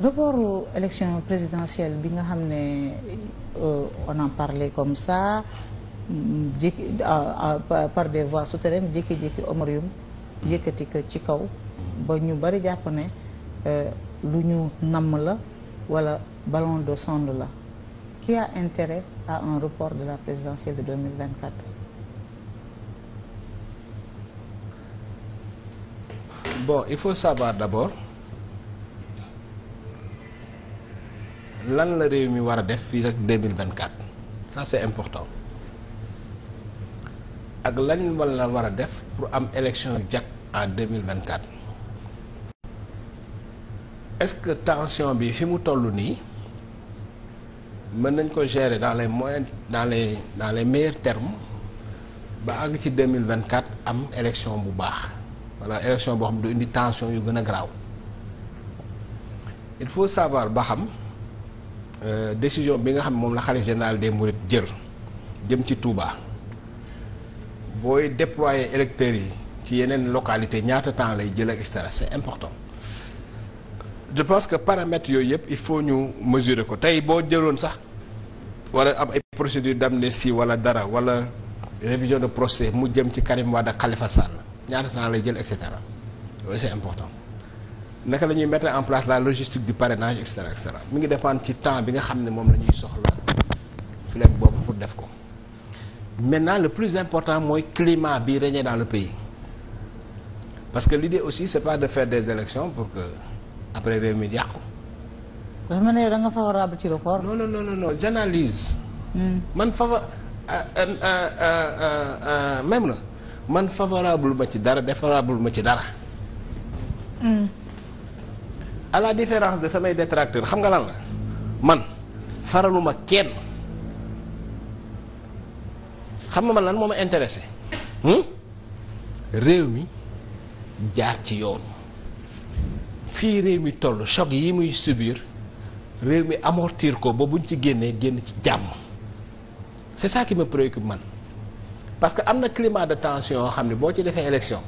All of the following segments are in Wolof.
reportu euh, élection présidentielle bi nga xam ne euh, on en parlait comme ça par des voies souterraines jékki-jékki Omar yëkkati ko ci kaw ba ñu bari jàpp ne euh, lu ñu namm la wala ballon de sonde la ki a intérêt à un report de la présidentielle de 2024 bon il faut savoir d'abord lan la réew mi war a def fii rek 2024 ça c'est important ak lañ wala la war a def pour am élection jag en 2024 est-ce que tension bi fi mu toll nii mën nañ ko gérer dans les moyens dans les dans les meilleurs termes ba àgg ci 2024 am élection bu baax wala élection boo xam du indi tension yu gën a garaaw il faut savoir ba xam Euh, décision bi nga xam ne moom la xalif général des mourides jël jëm ci Touba booy déployer électeurs yi ci yeneen localité ñaata temps lay jël ak et c'est important je pense que paramètres yooyu yëpp il faut ñu mesurer ko tey boo jëloon sax wala am ay procédure d'amnistie wala dara wala révision de procès mu jëm ci Karim Wade ak Khalifa Sall ñaata temps lay jël et cetera yooyu c'est important naka la ñuy mettre en place la logistique du parrainage et cetera et cetera mi ngi dépendre ci temps bi nga xam ne moom la ñuy soxla flemme boobu pour def ko maintenant le plus important mooy climat bi régner dans le pays parce que l'idée aussi c'est pas de faire des élections pour que après réew mi yàqu. parce que man yow da nga favorable ci report. non non non non non hmm. man fava euh, euh, euh, même man favorable ma ci dara défavorable ma ci dara. Hmm. à différence de samay détracteur xam nga lan la man faraluma kenn xam nga man lan moo ma intéressé hmm? réew mi jaar ci yoon fii réew mi toll choc yi muy subir réew mi amortir ko ba buñ ci génnee génn ci jàmm c'est ça qui me préoccupe man parce que am na climat de tension yoo xam ne boo ci defee élection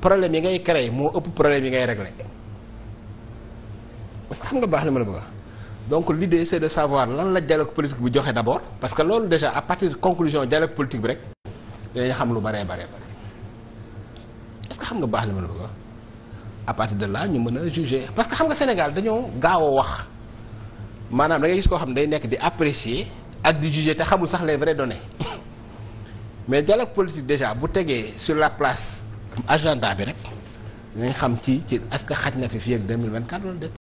problème yi ngay créer moo ëpp problème yi ngay régler parce que xam nga baax li ma la bëgg wax donc l'idée c'est de savoir lan la dialogue politique bi joxe d'abord parce que loolu déjà à partir de conclusion dialogue politique bi rek xam lu baree bare est xam nga baax li ma à partir de là ñu mën a juger parce que xam nga Sénégal dañoo gaaw a wax maanaam da gis koo xam ne day nekk di apprécier ak di juger te xamul sax les vraies données mais dialogue politique déjà bu tegee sur la place agenda bi rek dinañ xam ci ci est que xaj na fi fii ak 2024 de